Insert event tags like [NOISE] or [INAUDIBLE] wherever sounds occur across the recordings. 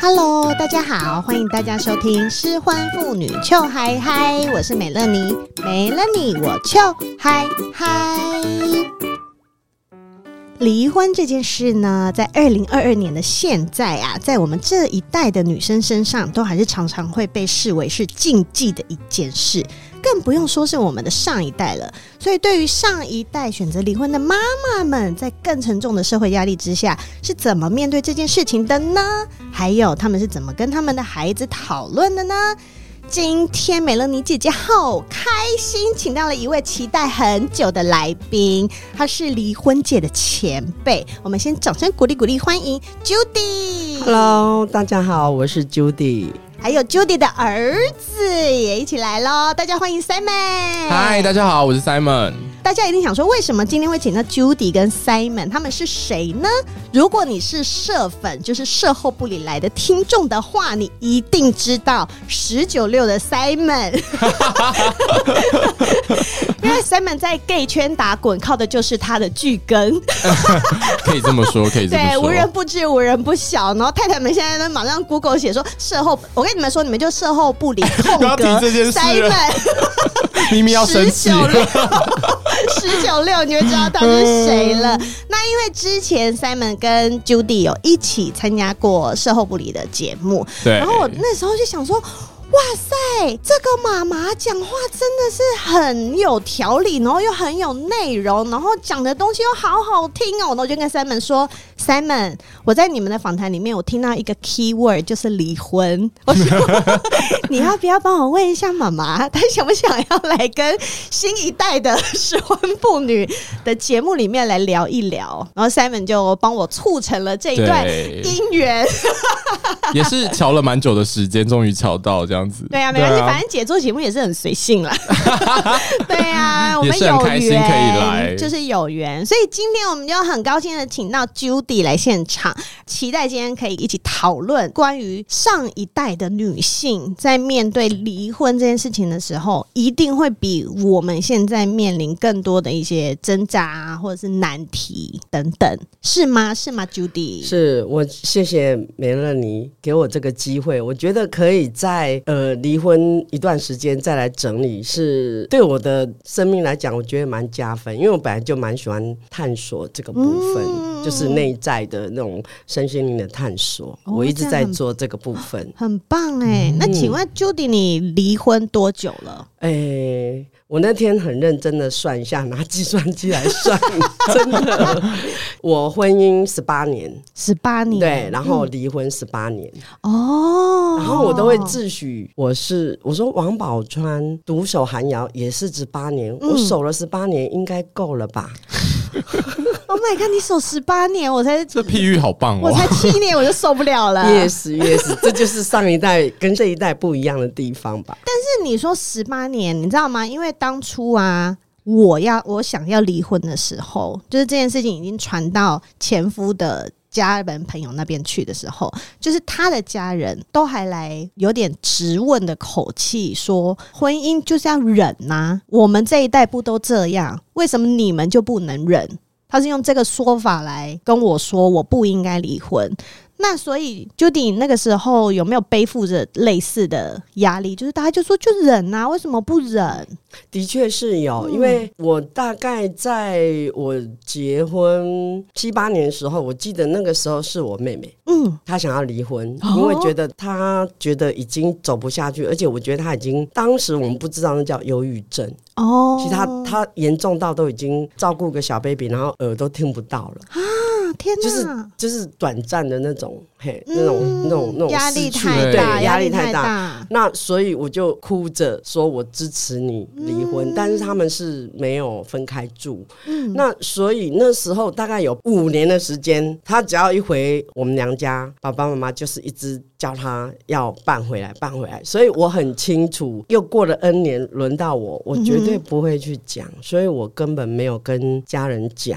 Hello，大家好，歡迎大家收聽《失婚婦女 Chill High High》，我是美樂妮，美樂妮我 Chill High High。離婚這件事呢，在二零二二年的現在啊，在我們這一代的女生身上，都還是常常會被視為是禁忌的一件事。更不用說是我們的上一代了。所以，對於上一代選擇離婚的媽媽們，在更沉重的社會壓力之下，是怎麼面對這件事情的呢？還有，他們是怎麼跟他們的孩子討論的呢？今天，美樂妮姐姐好開心，請到了一位期待很久的來賓，她是離婚界的前輩。我們先掌聲鼓勵鼓勵，歡迎 Judy。Hello，大家好，我是 Judy。還有 Judy 的兒子也一起來嘍，大家歡迎 Simon。嗨，大家好，我是 Simon。大家一定想說，為什麼今天會請到 Judy 跟 Simon？他們是誰呢？如果你是社粉，就是社後部裡來的聽眾的話，你一定知道十九六的 Simon。 [LAUGHS] 因為 Simon 在 gay 圈打滾，靠的就是他的巨根。 [LAUGHS] [LAUGHS] 可以這麼說，可以這麼說。對，無人不知，無人不曉。然後太太們現在都馬上 Google 寫說，社後我跟。跟你們說，你們就社後不理空格。Simon，明明要生氣。十九六，十九六，你就知道他是誰了。嗯、那因為之前 Simon 跟 Judy 有一起參加過社後不理的節目，對。然後我那時候就想說，哇塞，這個媽媽講話真的是很有條理，然後又很有內容，然後講的東西又好好聽哦。然後就跟 Simon 說。Simon，我在你們的訪談裡面，我聽到一個 keyword 就是離婚。我說 [LAUGHS] 你要不要幫我問一下媽媽，她想不想要來跟新一代的失婚婦女的節目裡面來聊一聊？然後 Simon 然後就幫我促成了這一段姻緣，也是喬了蠻久的時間，終於喬到這樣子。對啊，沒關係，啊、反正姐做節目也是很隨性啦。 [LAUGHS] 對啊，我們有緣，也是很開心可以來，就是有緣。所以今天我們就很高興的請到 Judy。來現場，期待今天可以一起討論關於上一代的女性在面對離婚這件事情的時候，一定會比我們現在面臨更多的一些掙扎或者是難題等等，是嗎？是嗎，Judy？是，我謝謝美樂妮給我這個機會，我覺得可以在呃離婚一段時間再來整理，是對我的生命來講，我覺得蠻加分，因為我本來就蠻喜歡探索這個部分。嗯就是內在的那種身心靈的探索，哦、我一直在做這個部分，很，很棒哎。嗯、那請問 Judy，你離婚多久了？哎、欸，我那天很認真的算一下，拿計算機來算， [LAUGHS] 真的。 [LAUGHS] 我婚姻十八年，十八年對，然後離婚十八年，哦、嗯，然後我都會自詡我是，我說王寶釧獨守寒窯也是十八年，嗯、我守了十八年，應該夠了吧？ [LAUGHS] Oh my god！你守十八年，我才這比喻好棒哦！我才七年我就受不了了。也是也是 yes, yes, 這就是上一代跟這一代不一樣的地方吧。 [LAUGHS] 但是你說十八年，你知道嗎？因為當初啊，我要我想要離婚的時候，就是這件事情已經傳到前夫的家人朋友那邊去的時候，就是他的家人都還來有點質問的口氣，說婚姻就是要忍吶、啊，我們這一代不都這樣？為什麼你們就不能忍？他是用這個說法來跟我說，我不應該離婚。那所以 Judy 那個時候有沒有背負着類似的壓力？就是大家就說就忍啊，為什麼不忍？的確是有，嗯、因為我大概在我結婚七八年的時候，我記得那個時候是我妹妹，嗯，她想要離婚，蛤因為覺得她覺得已經走不下去，而且我覺得她已經當時我們不知道那叫憂鬱症哦，其實她她嚴重到都已經照顧個小 baby，然後耳朵聽不到了。啊、天、就是，就是就是短暫的那種，嗯、嘿，那種那種那種壓力太大，壓力太大。太大，那所以我就哭着說：“我支持你離婚。”嗯，但是他們是沒有分開住。嗯，那所以那時候大概有五年的時間，他只要一回我們娘家，爸爸媽媽就是一直叫他要搬回來，搬回來。所以我很清楚，又過了 N 年，輪到我，我絕對不會去講，嗯、所以我根本沒有跟家人講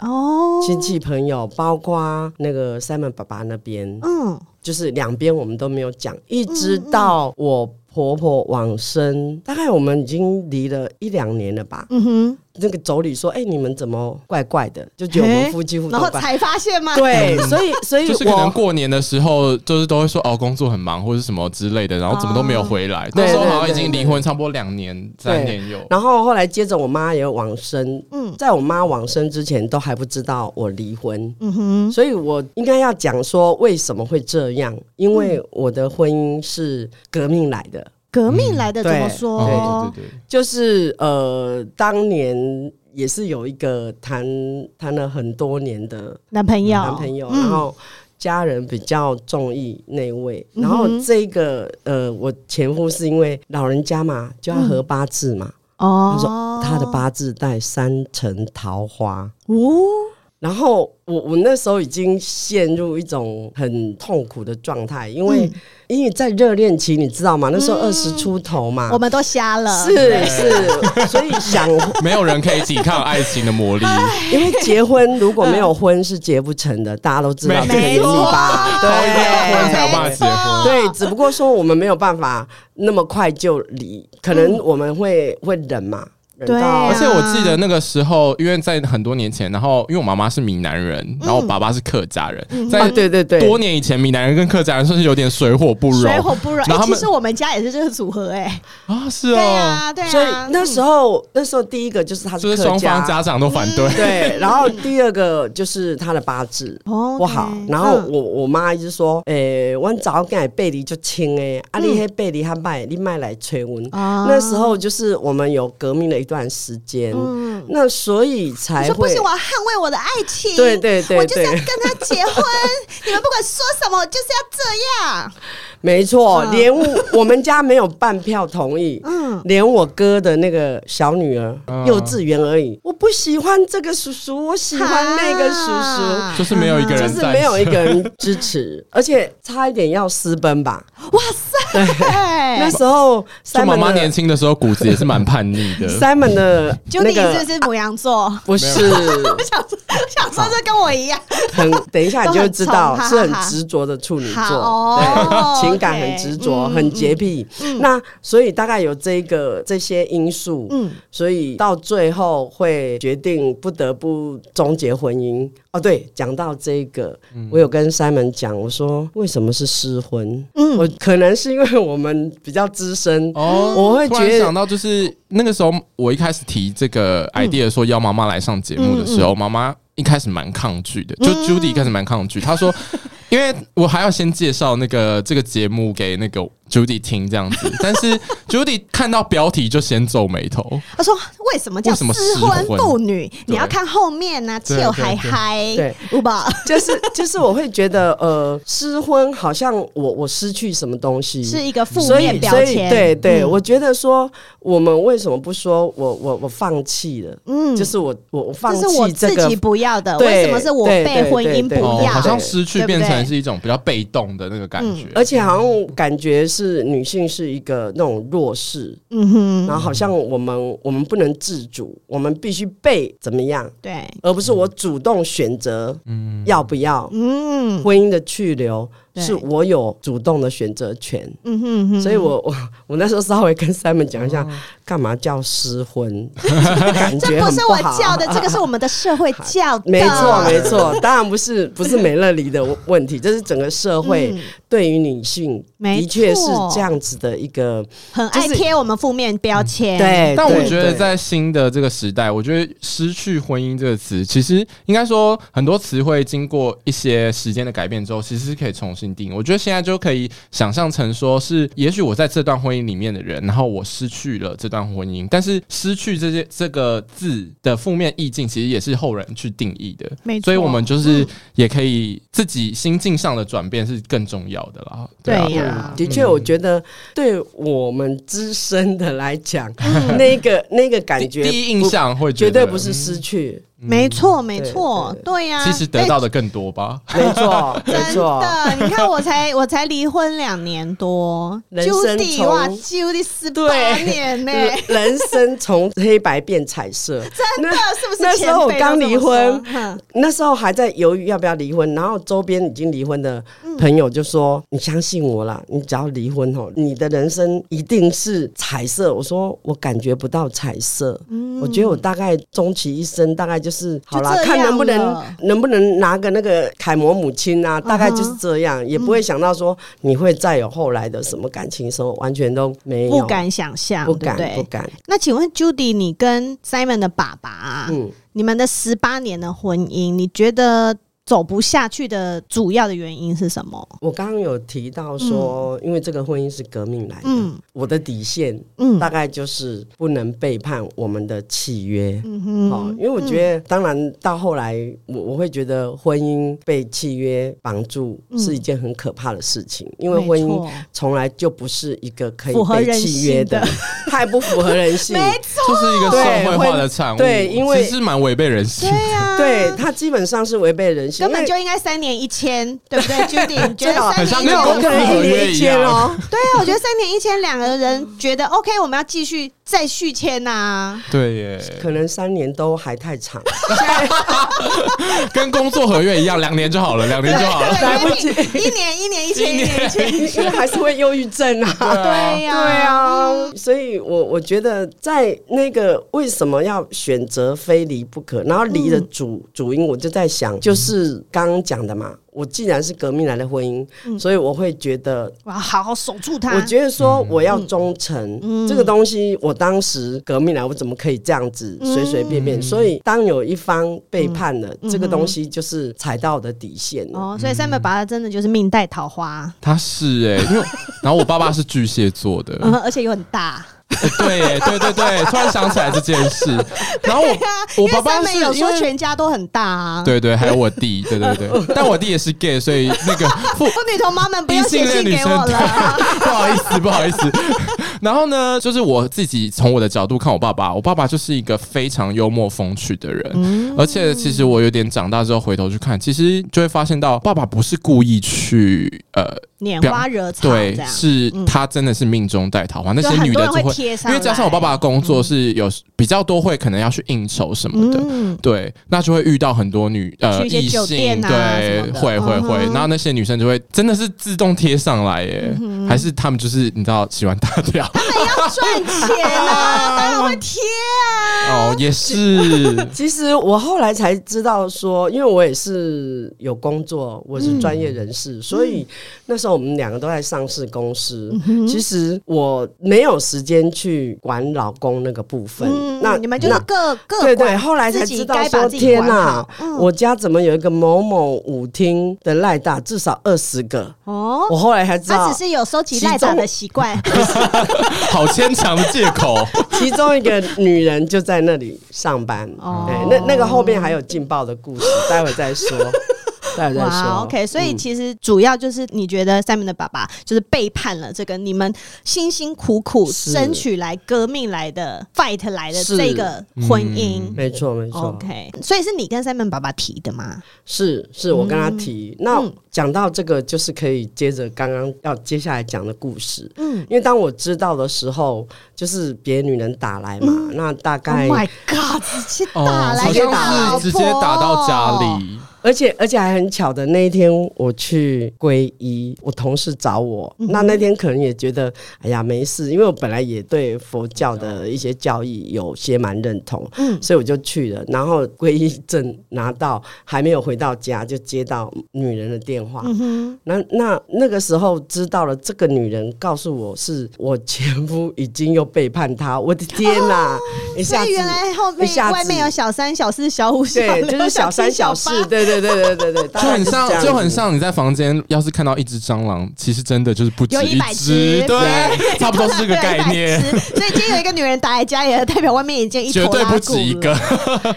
哦，親戚朋友。哦，包括那個 Simon 爸爸那邊，嗯，就是兩邊我們都沒有講，一直到我婆婆往生，大概我們已經離了一兩年了吧。嗯哼，那個妯娌說：“哎、欸，你們怎麼怪怪的？”就覺得我們夫妻夫妻、欸、然後才發現嘛。對，所以所以就是可能過年的時候，就是都會說：“哦，工作很忙或是什麼之類的。”然後怎麼都沒有回來。嗯、那時候好像已經離婚差不多兩年，對對對對，三年有。然後後來接着我媽也有往生。嗯，在我媽往生之前，都還不知道我離婚。嗯哼，所以我應該要講說為什麼會這樣，因為我的婚姻是革命來的。革命來的怎麼說？嗯、對，對對對，就是呃，當年也是有一個談談了很多年的男朋友，嗯，男朋友，嗯、然後家人比較中意那位，嗯、哼然後這個呃，我前夫是因為老人家嘛，就要合八字嘛，哦、嗯，他說他的八字帶三層桃花，哦。然後我我那時候已經陷入一種很痛苦的狀態，因為因為在熱戀期，你知道嗎？那時候二十出頭嘛，我們都瞎了，是是，所以想沒有人可以抵抗愛情的魔力，因為結婚如果沒有婚是結不成的，大家都知道，都要婚才有辦法結婚，對，只不過說我們沒有辦法那麼快就離，可能我們會會忍嘛。對，而且我記得那個時候，因為在很多年前，然後因為我媽媽是閩南人，然後我爸爸是客家人，在對對對，多年以前，閩南人跟客家人算是有點水火不容。水火不容，其實我們家也是這個組合，哎，啊，是哦，對啊，對啊，所以那時候那時候第一個就是他是客家，雙方家長都反對，對，然後第二個就是他的八字哦，不好，然後我我媽一直說，誒，我早蓋背離就輕誒，阿里嘿背離他賣，你賣來催溫，那時候就是我們有革命的。一段時間，嗯。那所以才會說不行，我要捍衛我的愛情。對對，對對對，我就是要跟他結婚。 [LAUGHS] 你們不管說什麼，我就是要這樣。沒錯錯，嗯、連我我們家沒有半票同意，嗯，連我哥的那個小女兒、嗯、幼稚園而已。我不喜歡這個叔叔，我喜歡那個叔叔，哈就是沒有一個人，就是沒有一個人支持，而且差一點要私奔吧。哇塞！對，那時候，我媽媽年輕的時候骨子也是蠻叛逆的。Simon 的，就那意思是牡羊座，不是？小時候，是跟我一樣，很等一下你就知道，是很執着的處女座，情感很執着，很潔癖。那所以大概有這個這些因素，嗯，所以到最後會決定不得不終結婚姻。哦，對，講到這個，我有跟 Simon 講，我說為什麼是失婚？嗯，我可能是因為。我們比較資深哦，我會覺得，突然想到，就是那個時候，我一開始提這個 idea 說要媽媽來上節目的時候，媽媽、嗯嗯嗯、一開始蠻抗拒的，就 Judy 一開始蠻抗拒，嗯、她說，因為我還要先介紹那個這個節目給那個。Judy 聽這樣子，但是 Judy 看到標題就先皺眉頭。他說：“為什麼叫失婚婦女？你要看後面呢，有還嗨嗨對吧？”就是就是，我會覺得呃，失婚好像我我失去什麼東西，是一個負面標籤。對對，我覺得說我們為什麼不說我我我放棄了？嗯，就是我我放棄，這是我自己不要的。為什麼是我被婚姻不要？好像失去變成是一種比較被動的那個感覺，而且好像感覺是。是女性是一個那種弱勢，嗯哼，然後好像我們我們不能自主，我們必須被怎麼樣？對，而不是我主動選擇，嗯，要不要？嗯，婚姻的去留。是，我有主動的選擇權，嗯哼哼，所以我我我那時候稍微跟 Simon 講一下，幹嘛叫失婚？感覺很不好。這不是我叫的，這個是我們的社會教。沒錯，沒錯，當然不是不是美樂妮的問題，這是整個社會對於女性的確是這樣子的一個很愛貼我們負面標籤。對，但我覺得在新的這個時代，我覺得失去婚姻這個詞，其實應該說很多詞彙經過一些時間的改變之後，其實是可以重新。我覺得現在就可以想象成說是，也許我在這段婚姻裡面的人，然後我失去了這段婚姻，但是失去這些這個字的負面意境，其實也是後人去定義的。沒錯錯，所以我們就是也可以自己心境上的轉變是更重要的啦。對呀，的確，我覺得對我們自身的來講，嗯、那個那個感覺，第一印象會絕對不是失去。沒錯，沒錯，對呀，其實得到的更多吧？沒錯，真的，你看我才我才離婚兩年多，人生從，哇，Judy 18年耶。對，人生從黑白變彩色，真的是不是？那時候我剛離婚，那時候還在猶豫要不要離婚，然後周邊已經離婚的朋友就說：“你相信我了，你只要離婚哦，你的人生一定是彩色。”我說：“我感覺不到彩色，我覺得我大概終其一生大概。”就是好啦就這樣了，看能不能能不能拿個那個楷模母親啊，大概就是這樣，uh、huh, 也不會想到說你會再有後來的什麼感情，什麼、嗯、完全都沒有，不敢想象，不敢不敢。那請問 Judy，你跟 Simon 的爸爸，嗯，你們的十八年的婚姻，你覺得？走不下去的主要的原因是什麼？我剛剛有提到說，嗯、因為這個婚姻是革命來的，嗯、我的底線，嗯，大概就是不能背叛我們的契約，哦、嗯哼，因為我覺得，嗯、當然到後來，我我會覺得婚姻被契約綁住是一件很可怕的事情，嗯、因為婚姻從來就不是一個可以被契約的，的太不符合人性， [LAUGHS] 沒錯錯，這是一個社會化的產物，對，因為其實蠻違背人性，對、啊、對，它基本上是違背人性。根本就應該三年一簽，對不對？覺得三年一簽哦，對啊，我覺得三年一簽，兩個人覺得 OK，我們要繼續再續簽吶。對，可能三年都還太長，跟工作合約一樣，兩年就好了，兩年就好了。來不及，一年一年一簽，一簽還是會憂鬱症啊。對呀，對啊，所以我我覺得在那個為什麼要選擇非離不可，然後離的主主因，我就在想，就是。剛剛講的嘛，我既然是革命來的婚姻，嗯、所以我會覺得我要好好守住他。我覺得說我要忠誠，嗯嗯、這個東西，我當時革命來，我怎麼可以這樣子隨隨便便？嗯、所以當有一方背叛了，嗯、這個東西就是踩到我的底線哦，所以 Simon 爸爸真的就是命帶桃花，嗯、他是哎、欸，因為 [LAUGHS] 然後我爸爸是巨蟹座的、 [LAUGHS] 嗯，而且又很大。欸、對耶，對對對，突然想起來這件事。然後我、啊、我爸爸是有說為全家都很大啊，對對，還有我弟，對對對， [LAUGHS] 但我弟也是 gay，所以那個婦 [LAUGHS] 女同胞們不要性戀女生不好意思不好意思。 [LAUGHS] [LAUGHS] 然後呢，就是我自己從我的角度看我爸爸，我爸爸就是一個非常幽默風趣的人，嗯、而且其實我有點長大之後回頭去看，其實就會發現到爸爸不是故意去呃。拈花惹草樣，對，是他真的是命中帶桃花。那些女的就會，因為加上我爸爸的工作是有比較多會可能要去應酬什麼的，嗯、對，那就會遇到很多女呃異、啊、性，對，會會會。嗯、哼然後那些女生就會真的是自動貼上來耶，嗯、哼還是他們就是你知道喜歡打掉，他們要賺錢啊，我貼 [LAUGHS] 啊。哦，也是。其實我後來才知道說，因為我也是有工作，我是專業人士，嗯、所以那時候。那我們兩個都在上市公司，其實我沒有時間去管老公那個部分。那你們就是各各對對，後來才知道說天啊，我家怎麼有一個某某舞廳的賴打至少二十個哦？我後來才知道，他只是有收集賴打的習慣，好牽強借口。其中一個女人就在那裡上班哦。那那個後面還有勁爆的故事，待會再說。哇，OK，所以其實主要就是你覺得 Simon 的爸爸就是背叛了這個你們辛辛苦苦爭取來、革命來的、是 fight 來的這個婚姻，嗯、沒錯沒錯，OK。所以是你跟 Simon 爸爸提的嗎？是，是我跟他提、嗯、那。嗯講到這個，就是可以接着剛剛要接下來講的故事。嗯，因為當我知道的時候，就是別女人打來嘛，嗯、那大概、Oh，My God，直接打來，直接打來，直接打到家裡，哦、而且而且還很巧的那一天，我去皈依，我同事找我，嗯、那那天可能也覺得，哎呀，沒事，因為我本來也對佛教的一些教義有些蠻認同，嗯，所以我就去了，然後皈依證拿到，還沒有回到家，就接到女人的電話。話，那那那個時候知道了，這個女人告訴我是我前夫已經又背叛她，我的天吶。一下子原來後面外面有小三、小四、小五，對，就是小三、小四，對對對對對對，就很像就很像你在房間，要是看到一隻蟑螂，其實真的就是不止一隻，對，差不多是這個概念。所以今天有一個女人打來家，也代表外面已經一絕對不止一個，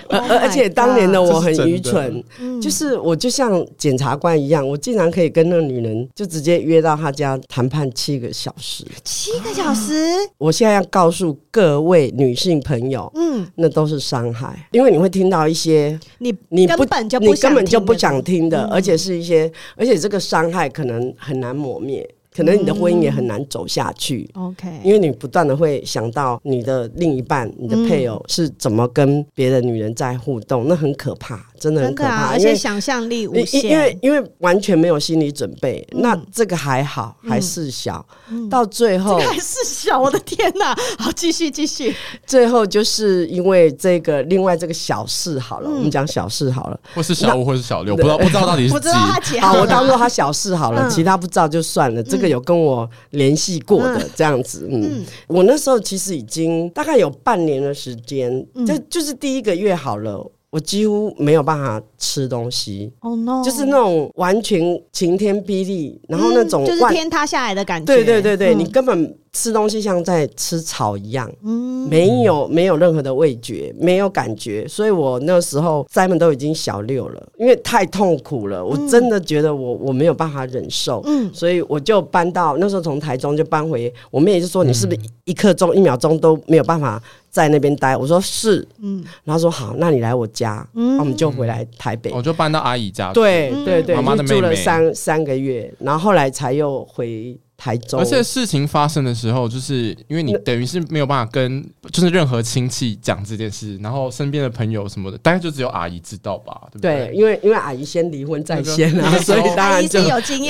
而且當年的我很愚蠢，就是我就像檢察官一樣，我。我竟然可以跟那個女人就直接約到她家談判七個小時，七個小時！我現在要告訴各位女性朋友，嗯，那都是傷害，因為你會聽到一些你你根本就你根本就不想聽的，嗯、而且是一些而且這個傷害可能很難磨滅。可能你的婚姻也很難走下去，OK，因為你不斷的會想到你的另一半、你的配偶是怎麼跟別的女人在互動，那很可怕，真的很可怕，而且想象力無限，因為因為完全沒有心理準備，那這個還好，還是小，到最後還是小，我的天哪，好，繼續繼續，最後就是因為這個另外這個小四好了，我們講小四好了，或是小五或是小六，不知道不知道到底是幾，好，我當做他小四好了，其他不知道就算了，這個。有跟我聯繫過的這樣子，嗯，嗯，我那時候其實已經大概有半年的時間，嗯、就就是第一個月好了，我幾乎沒有辦法。吃東西，oh no，就是那種完全晴天霹靂，然後那種、嗯、就是天塌下來的感覺。對對對，對、嗯、你根本吃東西像在吃草一樣，嗯，沒有沒有任何的味覺，沒有感覺。所以我那時候 Simon 都已經小六了，因為太痛苦了，我真的覺得我、嗯、我沒有辦法忍受，嗯，所以我就搬到那時候從台中就搬回，我妹就說、嗯、你是不是一刻鐘一秒鐘都沒有辦法在那邊待？我說是，嗯，然後說好，那你來我家，嗯，然後我們就回來台。我、哦、就搬到阿姨家，對對對，住、嗯、了三、嗯、三個月，然後後來才又回。台中，而且事情發生的時候，就是因為你等於是沒有辦法跟就是任何親戚講這件事，那然後身邊的朋友什麼的，大概就只有阿姨知道吧，對不對？對，因為因為阿姨先離婚在先啊，說所以當然就比較有經驗。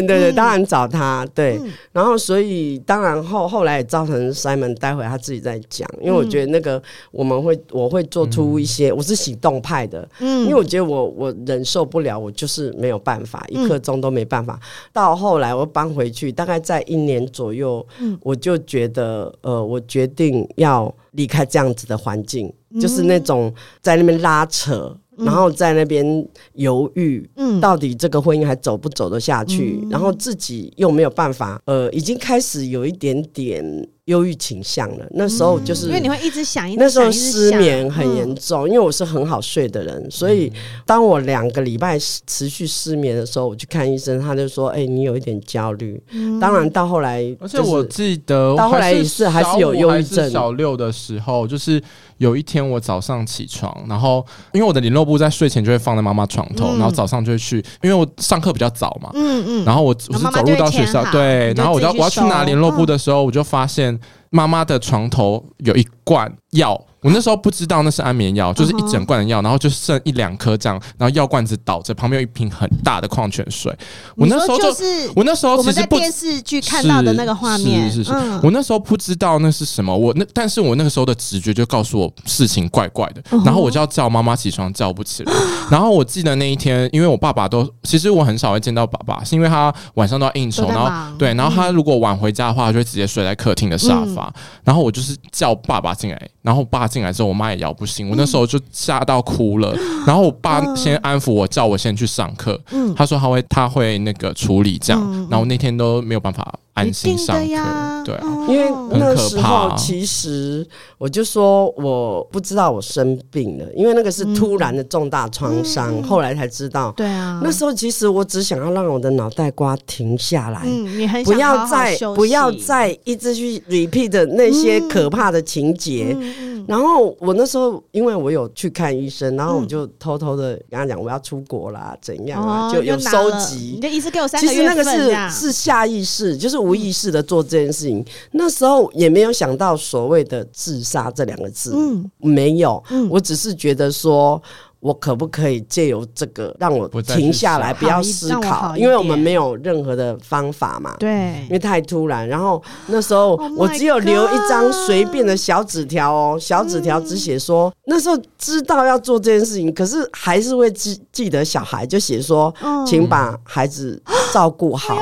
對對，對，嗯、當然找她。對，嗯、然後所以當然後後來也造成 Simon 待會他自己再講，因為我覺得那個我們會我會做出一些，嗯、我是行動派的，嗯，因為我覺得我我忍受不了，我就是沒有辦法，一刻鐘都沒辦法。嗯、到後來我搬回去。大概在一年左右，嗯、我就覺得，呃，我決定要離開這樣子的環境。就是那種在那邊拉扯，嗯、然後在那邊猶豫，嗯，到底這個婚姻還走不走得下去，嗯、然後自己又沒有辦法，呃，已經開始有一點點憂鬱傾向了。那時候就是因為你會一直想，一直想，那時候失眠很嚴重，嗯、因為我是很好睡的人，所以當我兩個禮拜持續失眠的時候，我去看醫生，他就說：“哎、欸，你有一點焦慮。”嗯，當然到後來、就是，而且我記得到後來也是還是有憂鬱症。小六的時候就是。有一天我早上起床，然後因為我的聯絡簿在睡前就會放在媽媽床頭，嗯、然後早上就會去，因為我上課比較早嘛，嗯嗯，然後我我是走路到學校，嗯嗯，那媽媽就會填好，對，然後我就要我要去拿聯絡簿的時候，嗯、我就發現媽媽的床頭有一罐。藥，我那時候不知道那是安眠藥，啊、就是一整罐的藥，然後就剩一兩顆這樣，然後藥罐子倒着，旁邊有一瓶很大的礦泉水。我那時候就是我那時候其實不我們在電視劇看到的那個畫面是，是是是。嗯、我那時候不知道那是什麼，我那但是我那個時候的直覺就告訴我事情怪怪的，然後我就要叫媽媽起床，叫不起來。然後我記得那一天，因為我爸爸都其實我很少會見到爸爸，是因為他晚上都要應酬，吧然後對，然後他如果晚回家的話，就會直接睡在客廳的沙發。嗯、然後我就是叫爸爸進來。然後我爸進來之後，我媽也搖不醒我，那時候就嚇到哭了。嗯、然後我爸先安撫我，嗯、叫我先去上課。他說他會，他會那個處理這樣。嗯、然後那天都沒有辦法。安心上一定的呀，對、啊，因為那時候其實我就說我不知道我生病了，嗯、因為那個是突然的重大創傷，嗯嗯、後來才知道。對啊，那時候其實我只想要讓我的腦袋瓜停下來，嗯、你很好好不要再不要再一直去 repeat 的那些可怕的情節。嗯、然後我那時候因為我有去看醫生，然後我就偷偷的跟他講我要出國啦，怎樣啊？哦、就有收集，你給我三、啊、其實那個是是下意識，就是我。無意識的做這件事情，那時候也沒有想到所謂的自殺這兩個字，嗯，沒有，嗯，我只是覺得說。我可不可以借由這個讓我停下來不，不要思考？因為我們沒有任何的方法嘛，對，因為太突然。然後那時候我只有留一張隨便的小紙條哦，小紙條只寫說、嗯、那時候知道要做這件事情，可是還是會記記得小孩，就寫說，嗯、請把孩子照顧好，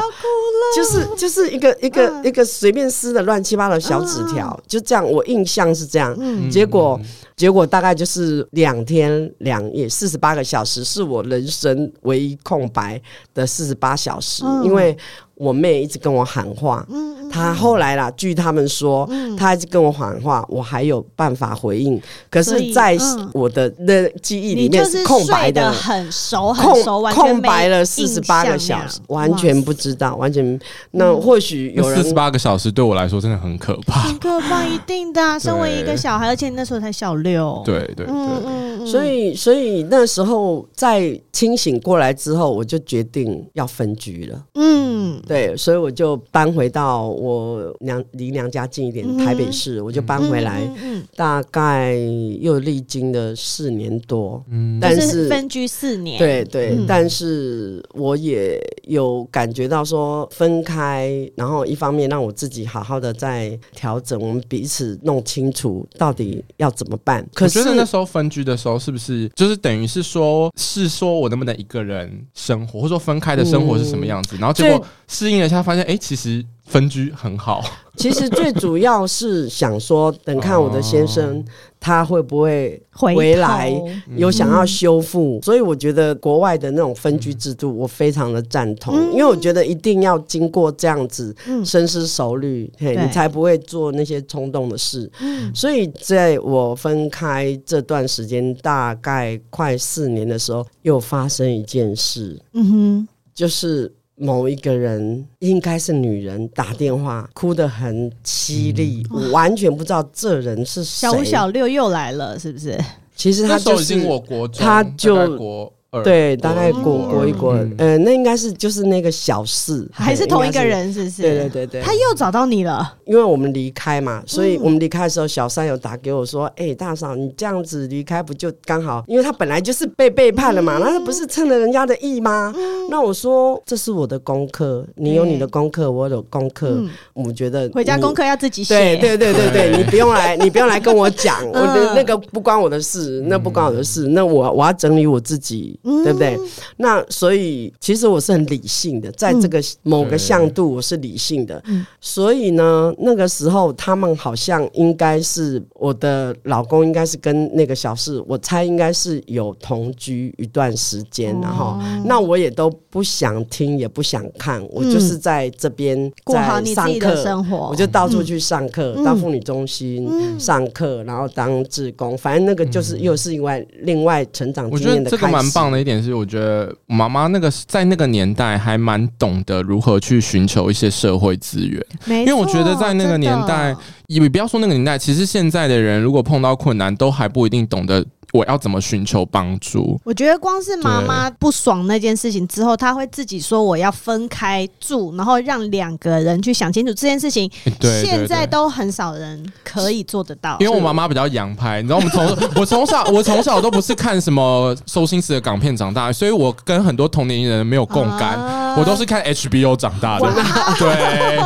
就是就是一個一個、嗯、一個隨便撕的亂七八糟的小紙條，嗯、就這樣，我印象是這樣。嗯、結果。結果大概就是兩天兩夜，四十八個小時，是我人生唯一空白的四十八小時，嗯、因為。我妹一直跟我喊話，嗯嗯、她後來啦，據他們說，她一直跟我喊話，嗯、我還有辦法回應。可是，在我的那記憶裡面是空白的，嗯、是很，熟很熟，很空，空白了四十八個小時，完全，完全不知道，完全那或許有四十八個小時對我來說真的很可怕，很可怕一定的、啊。對身為一個小孩，而且那時候才小六，對對對，對對嗯嗯嗯、所以所以那時候在清醒過來之後，我就決定要分居了，嗯。對，所以我就搬回到我娘離娘家近一點、嗯、台北市，我就搬回來。嗯嗯、大概又歷經了四年多，嗯，但是,是分居四年，對對，對嗯、但是我也有感覺到說分開，然後一方面讓我自己好好的再調整，我們彼此弄清楚到底要怎麼辦。可是我覺得那時候分居的時候，是不是就是等於是說，是說我能不能一個人生活，或者說分開的生活是什麼樣子？嗯、然後結果。適應了一下，發現哎，其實分居很好。其實最主要是想說，等看我的先生他會不會回來，有想要修復。所以我覺得國外的那種分居制度，我非常的贊同，因為我覺得一定要經過這樣子深思熟慮，嘿，你才不會做那些衝動的事。所以在我分開這段時間，大概快四年的時候，又發生一件事。嗯哼，就是。某一個人應該是女人，打電話哭得很淒厲，嗯，完全不知道這人是誰。小小六又來了，是不是？其實他就是，國他就。他對，大概過一過，嗯，那應該是就是那個小四，還是同一個人，是不是？對對對對，他又找到你了，因為我們離開嘛，所以我們離開的時候，小三有打給我，說：“哎，大嫂，你這樣子離開，不就剛好？因為他本來就是被背叛了嘛，那他不是稱了人家的意嗎？那我說，這是我的功課，你有你的功課，我有功課，我們覺得回家功課要自己寫，對對對對對，你不用來，你不用來跟我講，我的那個不關我的事，那不關我的事，那我我要整理我自己。”嗯、對不對？那所以其實我是很理性的，在這個某個向度我是理性的。嗯、所以呢，那個時候他們好像應該是我的老公，應該是跟那個小四，我猜應該是有同居一段時間。然後哇，那我也都不想聽，也不想看，我就是在這邊在上課，過好你自己的生活，我就到處去上課，嗯、到婦女中心上課，嗯、然後當志工，反正那個就是又是另外另外成長經驗的開始。的一點是，我覺得媽媽那個在那個年代還蠻懂得如何去尋求一些社會資源，錯因為我覺得在那個年代，你的不要說那個年代，其實現在的人如果碰到困難，都還不一定懂得。我要怎麼尋求幫助？我覺得光是媽媽不爽那件事情之後，對她會自己說，我要分開住，然後讓兩個人去想清楚這件事情。對對對，現在都很少人可以做得到。因為我媽媽比較洋派，是你知道，我們從我從小我從小都不是看什麼收心思的港片長大，所以我跟很多同齡人沒有共感，呃、我都是看 HBO 長大的。哇對。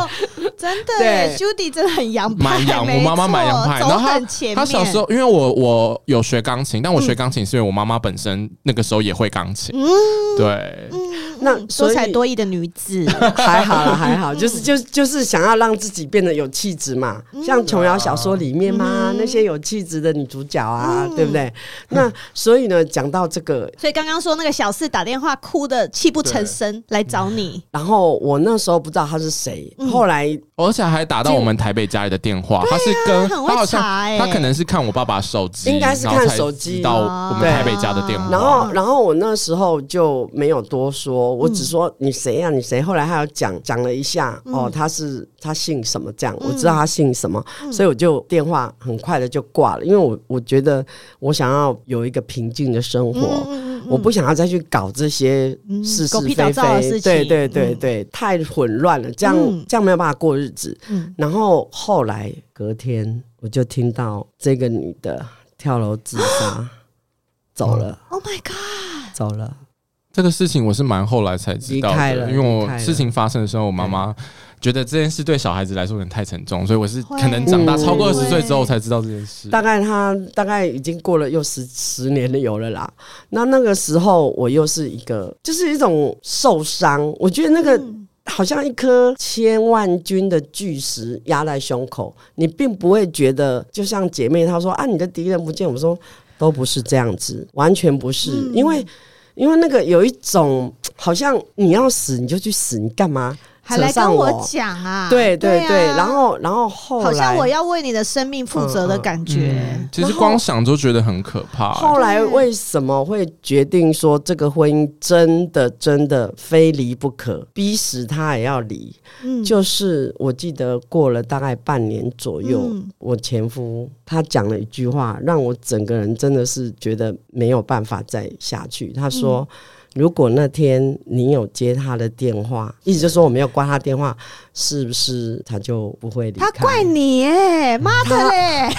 [LAUGHS] 真的對 Judy 真的很洋派，蠻洋，錯我媽媽蠻洋派，前然後她，她小時候，因為我我有學鋼琴，但我學鋼琴是因為我媽媽本身那個時候也會鋼琴，嗯，對。嗯那多才多藝的女子，還好還好，就是就是就是想要讓自己變得有氣質嘛，像瓊瑤小說裡面嘛，那些有氣質的女主角啊，對不對？那所以呢，講到這個，所以剛剛說那個小四打電話哭得泣不成聲來找你，然後我那時候不知道他是誰，後來而且還打到我們台北家裡的電話，他是跟，很會查欸，他好像她可能是看我爸爸手機，應該是看手機到我們台北家的電話，然後然後我那時候就沒有多說。我只說你誰呀、啊？你誰？後來他又講講了一下，哦，他是他姓什麼？這樣、嗯、我知道他姓什麼，嗯、所以我就電話很快的就掛了。因為我我覺得我想要有一個平靜的生活，嗯嗯、我不想要再去搞這些是是非非，嗯、對對對對，嗯、太混亂了，這樣、嗯、這樣沒有辦法過日子。嗯、然後後來隔天我就聽到這個女的跳樓自殺蛤走了。Oh my god！走了。這個事情我是蠻後來才知道的，因為我事情發生的時候，我媽媽覺得這件事對小孩子來說有點太沉重，對所以我是可能長大超過二十歲之後才知道這件事。嗯、對大概她大概已經過了又十十年的有了啦。那那個時候我又是一個，就是一種受傷。我覺得那個好像一顆千萬鈞的巨石壓在胸口，你並不會覺得就像姐妹她說啊，你的敵人不見。我說都不是這樣子，完全不是，嗯、因為。因為那個有一種，好像你要死你就去死，你幹嘛？還來跟我講啊？對對對，對啊、然後然後後來，好像我要為你的生命負責的感覺。呃嗯嗯、其實光想都覺得很可怕、欸，然後。後來為什麼會決定說這個婚姻真的真的非離不可，逼死是他也要離？嗯，就是我記得過了大概半年左右，嗯、我前夫他講了一句話，讓我整個人真的是覺得沒有辦法再下去。他說。嗯如果那天你有接他的電話，意思就說我沒有掛他電話，是不是他就不會離？他怪你哎、欸，媽的、咧！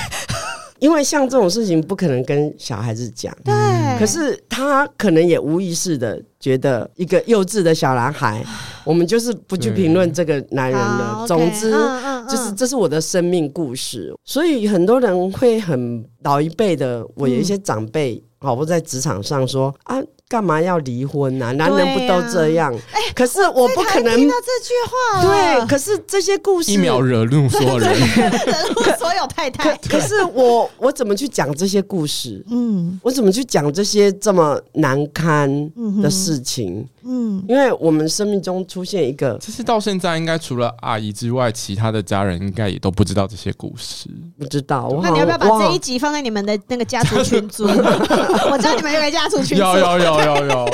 因為像這種事情不可能跟小孩子講。對。可是他可能也無意識的覺得一個幼稚的小男孩，對我們就是不去評論這個男人了。對總之，對就是這是我的生命故事。所以很多人會很老一輩的，我有一些長輩，好不好在職場上說啊。幹嘛要離婚呢、啊？男人不都這樣？哎、啊，欸、可是我不可能聽到這句話。對，可是這些故事一秒惹怒所有人，對對對，惹怒所有太太可可。可是我，我怎麼去講這些故事？嗯，我怎麼去講這些這麼難堪的事情？嗯，嗯，因為我們生命中出現一個，其實到現在應該除了阿姨之外，其他的家人應該也都不知道這些故事。不知道，那你要不要把這一集放在你們的那個家族群組？家族 [LAUGHS] 我知道你們有沒有家族群，有有有，有。 [LAUGHS] 有沒有，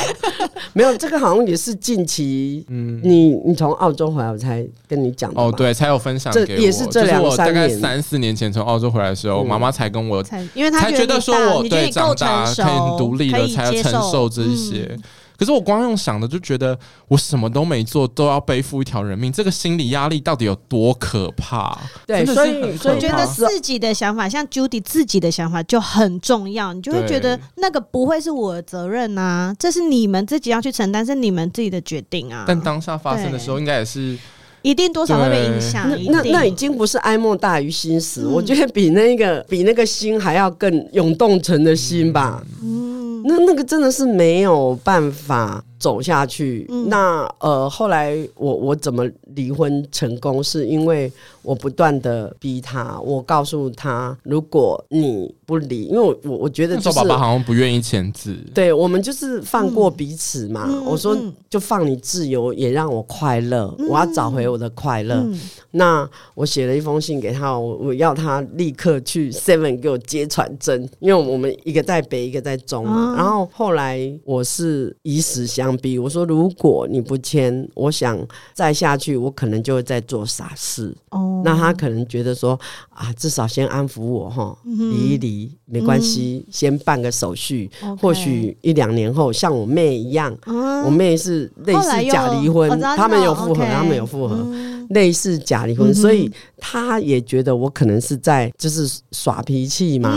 沒有這個好像也是近期，嗯，你你從澳洲回來我才跟你講的，哦對，才有分享給我。這也是這兩三年，大概三四年前從澳洲回來的時候，媽媽、嗯、才跟我，因為她覺得說，我對長大可以獨立的，才要承受這些。嗯可是我光用想的就覺得我什麼都沒做，都要背負一條人命，這個心理壓力到底有多可怕啊？對，所以我覺得自己的想法，像 Judy 自己的想法就很重要，你就會覺得那個不會是我的責任啊，對這是你們自己要去承擔，是你們自己的決定啊。但當下發生的時候，應該也是對一定多少會被影響。那定那已經不是哀莫大於心死，嗯，我覺得比那個比那個心還要更湧動成的心吧。嗯。嗯那那個真的是沒有辦法。走下去，嗯、那呃，後來我我怎麼離婚成功？是因為我不斷的逼他，我告訴他，如果你不離，因為我我覺得就是趙爸爸好像不願意簽字，對，我們就是放過彼此嘛。嗯嗯嗯、我說就放你自由，也讓我快樂，嗯、我要找回我的快樂。嗯、那我寫了一封信給他，我我要他立刻去 Seven 給我接傳真，因為我們一個在北，一個在中嘛。啊、然後後來我是以死相。我說：“如果你不簽，我想再下去，我可能就會再做傻事哦。那他可能覺得說啊，至少先安撫我哈，離一離沒關係，先辦個手續。或許一兩年後，像我妹一樣，我妹是類似假離婚，他們有復合，他們有復合，類似假離婚。所以他也覺得我可能是在就是耍脾氣嘛，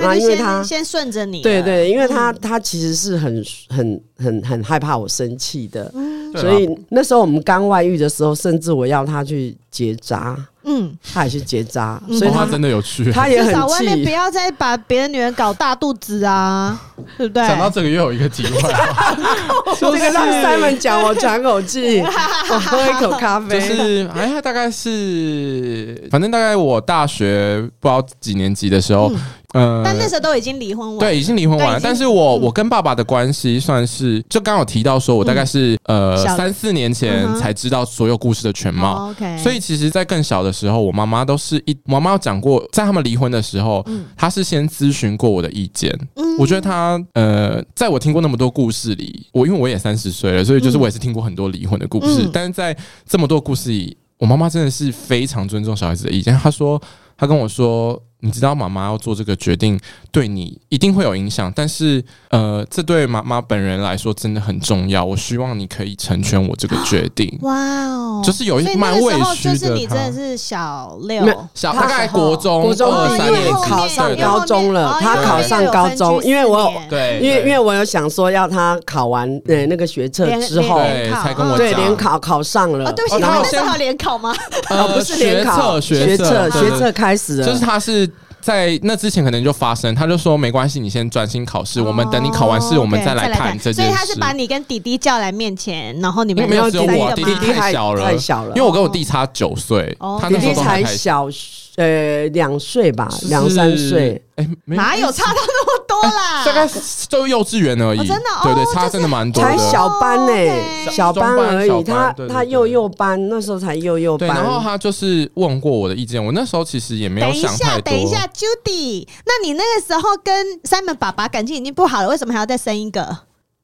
那因為他先順着你，對對，因為他他其實是很很很很害怕。”我生氣的，嗯、所以那時候我們剛外遇的時候，甚至我要他去結紮，嗯，他也去結紮，所以他真的有去，嗯、他也很氣，至少外面不要再把別的女人搞大肚子啊，對 [LAUGHS] 不對？講到這個又有一個機會，我那個讓 Simon 講，我喘口氣， [LAUGHS] 我喝一口咖啡。就是哎他大概是，反正大概我大學不知道幾年級的時候。嗯呃，嗯、但那時候都已經離婚完了，對，已經離婚完了。但，但是我、嗯、我跟爸爸的關係算是，就剛好提到說，我大概是、嗯、呃三四小年前才知道所有故事的全貌。OK，、嗯、哼所以其實，在更小的時候，我媽媽都是一，我媽媽講過，在他們離婚的時候，她是先諮詢過我的意見。嗯，我覺得她呃，在我聽過那麼多故事裡，我因為我也三十歲了，所以就是我也是聽過很多離婚的故事，嗯、但是在這麼多故事裡，我媽媽真的是非常尊重小孩子的意見。她說，她跟我說。你知道媽媽要做這個決定，對你一定會有影響，但是，呃，這對媽媽本人來說真的很重要。我希望你可以成全我這個決定。哇哦，就是有一蠻委屈的。就是你真的是小六，小大概國中二三年考上高中了，他考上高中，因為我對，因為因為我有想說要他考完呃那個學測之後才跟我講，對聯考考上了。對不起，有是他聯考嗎？呃，不是聯考，學測學測學測開始了，就是他是。在那之前可能就發生，他就說沒關係，你先專心考試，oh, 我們等你考完試，oh, okay, 我們再來談這件事。所以他是把你跟弟弟叫來面前，然後你們有沒有叫我？弟弟太小了，因為我跟我弟差九歲，他那時候都還小，弟弟才小。呃，兩歲吧，兩是三歲，哎，欸，沒有，哪有差到那麼多啦？欸，大概就幼稚園而已，真的，哦，對，對對，差真的蠻多的，就是，才小班呢，欸，OK 小班而已，小班小班，他對對對，他幼幼班，那時候才幼幼班。對，然後他就是問過我的意見，我那時候其實也沒有想過。等一下，等一下，Judy，那你那個時候跟 Simon 爸爸感情已經不好了，為什麼還要再生一個？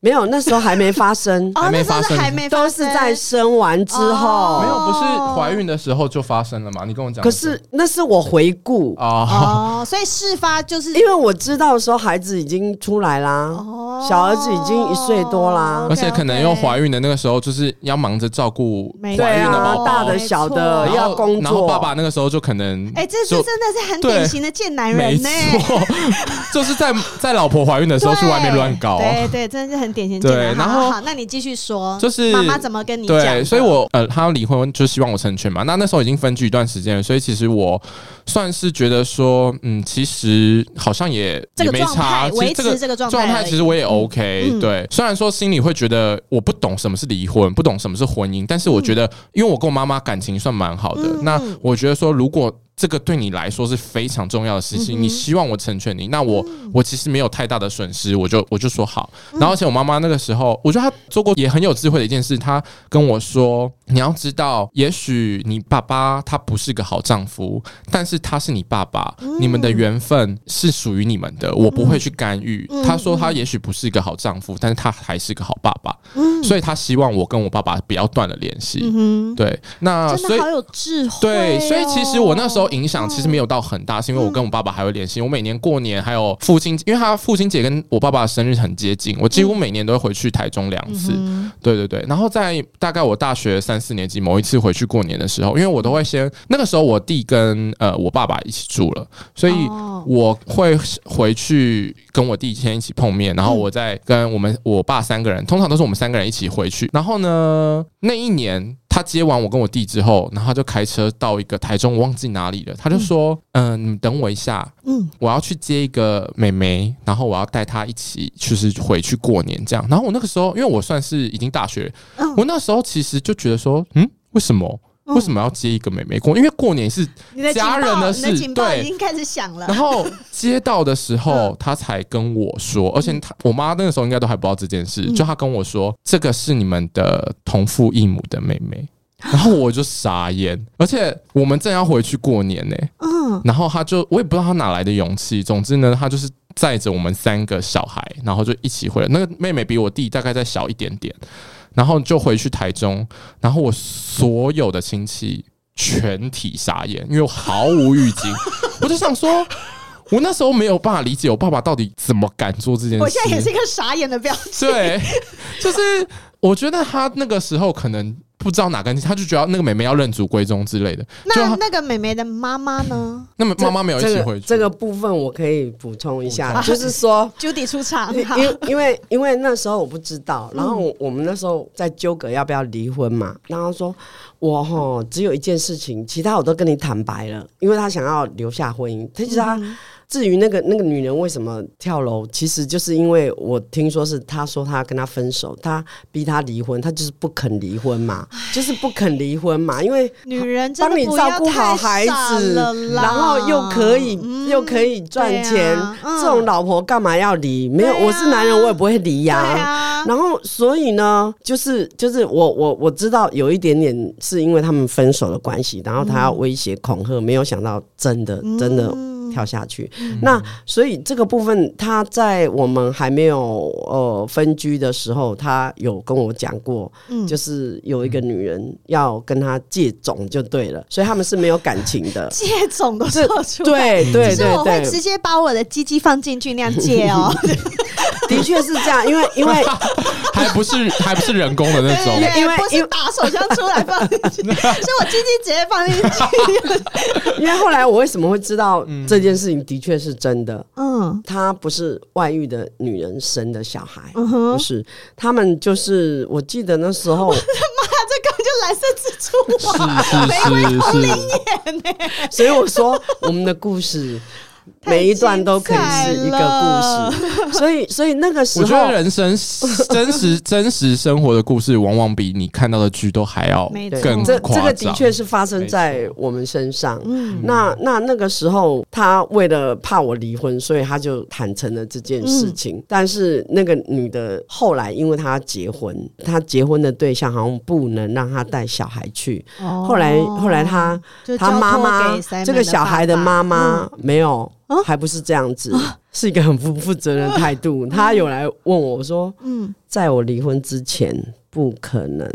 沒有，那時候還沒發生，沒發生，還沒，都是在生完之後。沒有，不是懷孕的時候就發生了嗎？你跟我講。可是那是我回顧哦，所以事發就是因為我知道的時候，孩子已經出來啦，小兒子已經一歲多啦，而且可能因為懷孕的那個時候，就是要忙着照顧懷孕的寶寶，大的小的要工作，然後爸爸那個時候就可能哎，這是真的是很典型的賤男人，呢。就是在在老婆懷孕的時候去外面亂搞，哎，對，真的是很。對，然後好好好，那你繼續說，就是媽媽怎麼跟你講？對。所以我，我呃，他要離婚就希望我成全嘛。那那時候已經分居一段時間了，所以其實我算是覺得說，嗯，其實好像也，這個也沒差，維持這個狀態。其實我也 OK，嗯。對，雖然說心裡會覺得我不懂什麼是離婚，不懂什麼是婚姻，但是我覺得，因為我跟我媽媽感情算蠻好的，嗯、那我覺得說如果。這個對你來說是非常重要的事情，嗯、哼你希望我成全你，那我、嗯、我其實沒有太大的損失，我就我就說好。然後而且我媽媽那個時候，我覺得她做過也很有智慧的一件事，她跟我說：“你要知道，也許你爸爸他不是個好丈夫，但是他是你爸爸，嗯、你們的緣分是屬於你們的，我不會去干預。嗯”嗯、她說：“他也許不是一個好丈夫，但是他還是個好爸爸，嗯、所以她希望我跟我爸爸不要斷了聯繫。嗯哼”對，那所以好有智慧、哦。對，所以其實我那時候。影響其實沒有到很大，是因為我跟我爸爸還會聯繫。我每年過年還有父親，因為他父親節跟我爸爸的生日很接近，我幾乎每年都會回去台中兩次。嗯、哼對對對，然後在大概我大學三四年級某一次回去過年的時候，因為我都會先那個時候我弟跟我呃我爸爸一起住了，所以我會回去跟我弟先一起碰面，然後我再跟我們我爸三個人，通常都是我們三個人一起回去。然後呢，那一年。他接完我跟我弟之後，然後他就開車到一個台中，我忘記哪裡了。他就說：“嗯、呃，你們等我一下，嗯，我要去接一個妹妹，然後我要帶她一起，就是回去過年這樣。”然後我那個時候，因為我算是已經大學，我那時候其實就覺得說：“嗯，為什麼？”為什麼要接一個妹妹過？因為過年是家人的事，對，情已經開始響了。然後接到的時候，她、嗯、才跟我說，而且我媽那個時候應該都還不知道這件事，嗯、就她跟我說，這個是你們的同父異母的妹妹。然後我就傻眼，嗯、而且我們正要回去過年呢、欸，然後她就，我也不知道她哪來的勇氣，總之呢，她就是載着我們三個小孩，然後就一起回來。那個妹妹比我弟大概再小一點點。然後就回去台中，然後我所有的親戚全體傻眼，因為我毫無預警， [LAUGHS] 我就想說，我那時候沒有辦法理解我爸爸到底怎麼敢做這件事。我現在也是一個傻眼的表情，對，就是我覺得他那個時候可能。不知道哪根筋，他就覺得那個妹妹要認祖歸宗之類的。那他那個妹妹的媽媽呢？那麼媽媽沒有一起回這、這個。這個部分我可以補充一下，充就是說，Judy 出場，因 [LAUGHS] 因為因為那時候我不知道，然後我們那時候在糾葛要不要離婚嘛，然後說，我吼只有一件事情，其他我都跟你坦白了，因為他想要留下婚姻，其實他就、啊。 [LAUGHS] 至於那個那個女人為什麼跳樓，其實就是因為我聽說是他說他跟他分手，他逼他離婚，他就是不肯離婚嘛，唉就是不肯離婚嘛，因為女人幫你照顧好孩子，然後又可以、嗯、又可以賺錢，啊嗯、這種老婆幹嘛要離？沒有，啊、我是男人，我也不會離呀、啊。啊、然後所以呢，就是就是我我我知道有一點點是因為他們分手的關係，然後他要威脅恐嚇，沒有想到真的真的。嗯跳下去，那所以這個部分他在我們還沒有呃分居的時候，他有跟我講過，嗯，就是有一個女人要跟他借種就對了，所以他們是沒有感情的，借種都做出來對對對對，我會直接把我的雞雞放進去那樣借哦，的確是這樣，因為因為還不是還不是人工的那種，因為因為你把手槍出來放進去，所以我雞雞直接放進去，因為後來我為什麼會知道這？這件事情的確是真的，嗯，他不是外遇的女人生的小孩，嗯、哼不是，他們就是，我記得那時候，媽呀，這根本就藍色蜘蛛網、啊，是是是是，是所以我說 [LAUGHS] 我們的故事。每一段都可以是一個故事，所以所以那個時候，我覺得人生真實真實生活的故事，往往比你看到的劇都還要更誇張。這這個的確是發生在我們身上。那那那個時候，他為了怕我離婚，所以他就坦誠了這件事情。但是那個女的後來，因為她結婚，她結婚的對象好像不能讓她帶小孩去。後來後來，她她媽媽這個小孩的媽媽沒有。還不是這樣子，啊、是一個很不負責任的態度。啊、他有來問我，說：“嗯，在我離婚之前，不可能，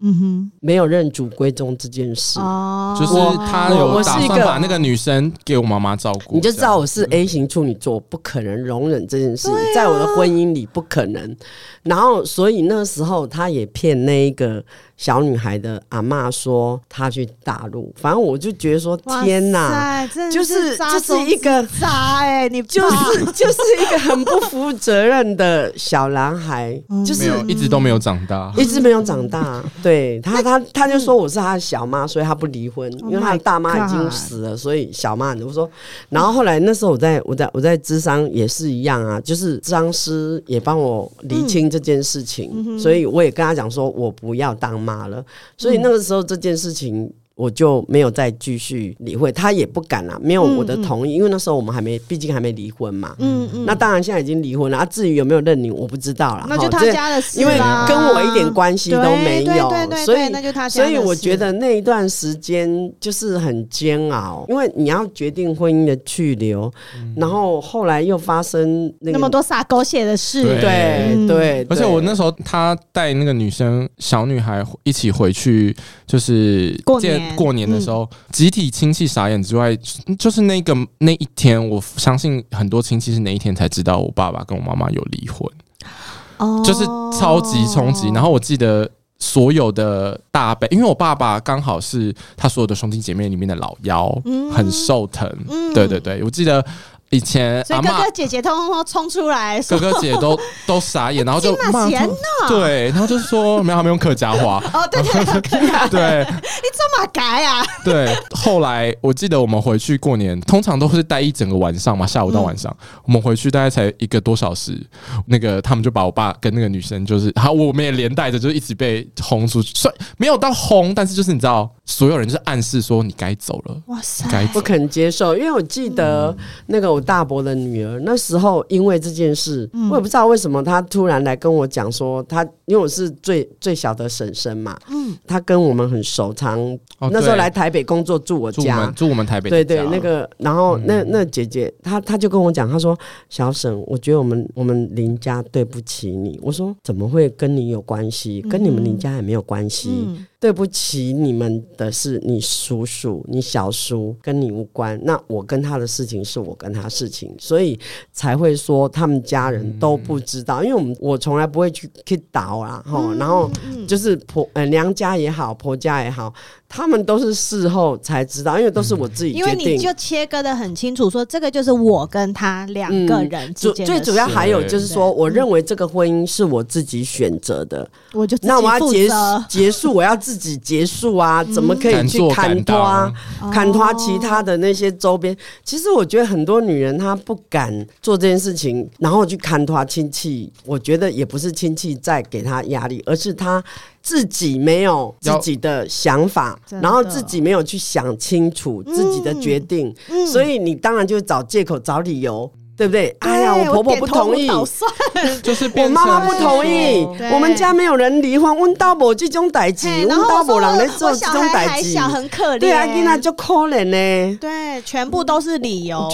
嗯哼，沒有認祖歸宗這件事。嗯哼”我就是他有打算把那個女生給我媽媽照顧。你就知道我是 A 型處女座，嗯、哼不可能容忍這件事，啊、在我的婚姻裡不可能。然後，所以那時候他也騙那一個。小女孩的阿嬤說她去大陸，反正我就覺得說天吶，是欸、就是就是一個渣哎，你就是就是一個很不負責任的小男孩，嗯、就是、嗯、沒有一直都沒有長大，一直沒有長大。對他，他他就說我是他小媽，所以他不離婚，因為他的大媽已經死了，所以小媽。我說，然後後來那時候我在我在我在諮商也是一樣啊，就是諮商師也幫我理清這件事情，嗯嗯、所以我也跟他講說我不要當媽。馬了，所以那個時候這件事情。嗯我就沒有再繼續理會他，也不敢啦，沒有我的同意，嗯嗯，因為那時候我們還沒，畢竟還沒離婚嘛。嗯嗯。那當然，現在已經離婚了。啊，至於有沒有認領，我不知道啦。那就他家的事啦。因為跟我一點關係都沒有，對對對對，所以那就他。所以我覺得那一段時間就是很煎熬，因為你要決定婚姻的去留，然後後來又發生那個，那麼多撒狗血的事，對對。對對對，嗯、而且我那時候他帶那個女生小女孩一起回去，就是過年。過年的時候，嗯、集體親戚傻眼之外，就是那個那一天，我相信很多親戚是那一天才知道我爸爸跟我媽媽有離婚，哦、就是超級衝擊。然後我記得所有的大輩，因為我爸爸剛好是他所有的兄弟姐妹裡面的老幺，嗯、很受疼。對對對，我記得。以前所以哥哥姐姐通通衝出來，哥哥姐都都傻眼，然後就錢。對，然後就是說沒有，他們用客家話 [LAUGHS] 哦，對 [LAUGHS] 對，你怎麼改啊？對，後來我記得我們回去過年，通常都是待一整個晚上嘛，下午到晚上，嗯、我們回去大概才一個多小時，那個他們就把我爸跟那個女生，就是好，我們也連帶着就一直被轟出去，算沒有到轟，但是就是你知道，所有人就是暗示說你該走了，哇塞，不肯接受，因為我記得、嗯、那個。大伯的女兒那時候，因為這件事，嗯、我也不知道為什麼她突然來跟我講說，她因為我是最最小的嬸嬸嘛，嗯，她跟我們很熟，常、哦、那時候來台北工作住我家，住我，住我們台北，對，對對，那個然後、嗯、那那姐姐她她就跟我講，她說，小沈，我覺得我們我們林家對不起你，我說怎麼會跟你有關係？跟你們林家也沒有關係。嗯嗯對不起，你們的是你叔叔、你小叔，跟你無關。那我跟他的事情是我跟他的事情，所以才會說他們家人都不知道。因為我們我從來不會去去倒啊，哈。然後就是婆呃娘家也好，婆家也好。他們都是事後才知道，因為都是我自己、嗯。因為你就切割的很清楚說，說這個就是我跟他兩個人之間、嗯、主最主要還有就是說，對對對我認為這個婚姻是我自己選擇的，我就、嗯、那我要結、嗯、結束，我要自己結束啊！怎麼可以去砍他？砍他其他的那些周邊，哦、其實我覺得很多女人她不敢做這件事情，然後去砍他親戚。我覺得也不是親戚在給他壓力，而是他。自己沒有自己的想法，然後自己沒有去想清楚自己的決定，所以你當然就找借口、找理由，對不對？哎呀，我婆婆不同意，我媽媽不同意，我們家沒有人離婚。問到我這種代誌，問到我老人家做這種代誌，很可憐。對啊，對就可憐呢。對，全部都是理由。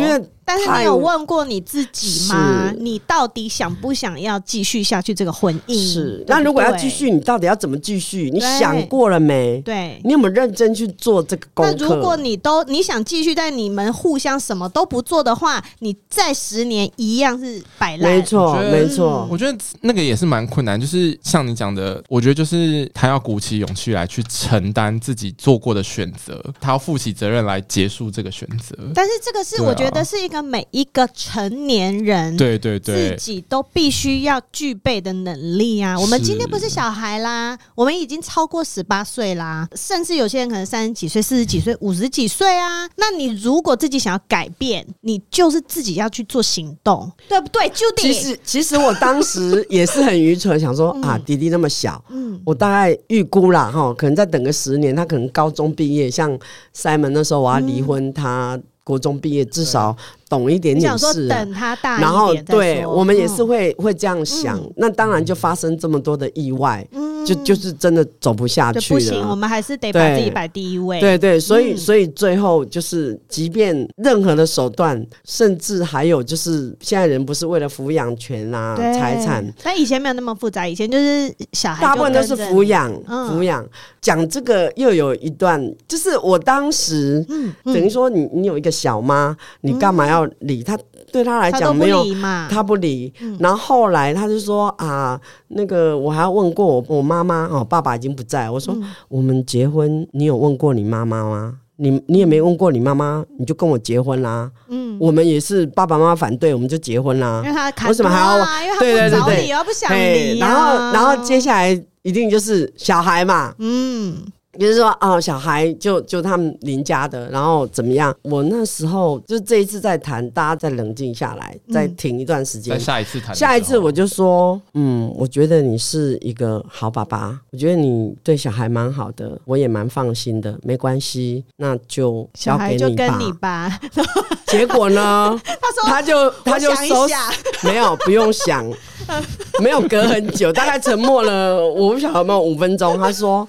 但是你有問過你自己嗎？你到底想不想要繼續下去這個婚姻？是，那如果要繼續，對對你到底要怎麼繼續？你想過了沒？對，對你有沒有認真去做這個工作？那如果你都你想繼續，但你們互相什麼都不做的話，你再十年一樣是擺爛。沒錯，沒錯。嗯、我覺得那個也是蠻困難。就是像你講的，我覺得就是他要鼓起勇氣來去承擔自己做過的選擇，他要負起責任來結束這個選擇。但是這個是我覺得是一個、啊。那每一個成年人，對對對，自己都必須要具備的能力啊！我們今天不是小孩啦，我們已經超過十八歲啦，甚至有些人可能三十幾歲、四十幾歲、五十幾歲啊。那你如果自己想要改變，你就是自己要去做行動，對不對？就定其實，其實我當時也是很愚蠢， [LAUGHS] 想說啊，嗯、弟弟那麼小，嗯，我大概預估了哈，可能再等個十年，他可能高中畢業，像 Simon 那時候我要離婚，嗯、他。國中畢業至少懂一點點事，啊，然後對，我們也是會會這樣想。那當然就發生這麼多的意外。就就是真的走不下去了。不行，我們還是得把自己擺第一位。對對，對對，所以、嗯、所以最後就是，即便任何的手段，甚至還有就是，現在人不是為了撫養權啊，財對產，但以前沒有那麼複雜，以前就是小孩大部分都是撫養，撫養、嗯。講這個又有一段，就是我當時，嗯嗯，等於說你你有一個小媽，你幹嘛要理她？嗯對他來講他沒有，他不理。嗯、然後後來他就說啊，那個我還要問過我我媽媽哦，爸爸已經不在。我說、嗯、我們結婚，你有問過你媽媽嗎？你你也沒問過你媽媽，你就跟我結婚啦。嗯，我們也是爸爸媽媽反對，我們就結婚啦。為什、啊、麼還要？啊、因為對對對對，啊、然後然後接下來一定就是小孩嘛。嗯。就是說，哦，小孩就就他們鄰家的，然後怎麼樣？我那時候就這一次在談，大家再冷靜下來，嗯、再停一段時間。下一次談，下一次我就說，嗯，我覺得你是一個好爸爸，我覺得你對小孩蠻好的，我也蠻放心的，沒關係，那就小孩就跟你吧。 [LAUGHS] 結果呢？ [LAUGHS] 他說他就他就想 [LAUGHS] 沒有不用想， [LAUGHS] 沒有隔很久，大概沉默了，我不曉得有沒有五分鐘，他說。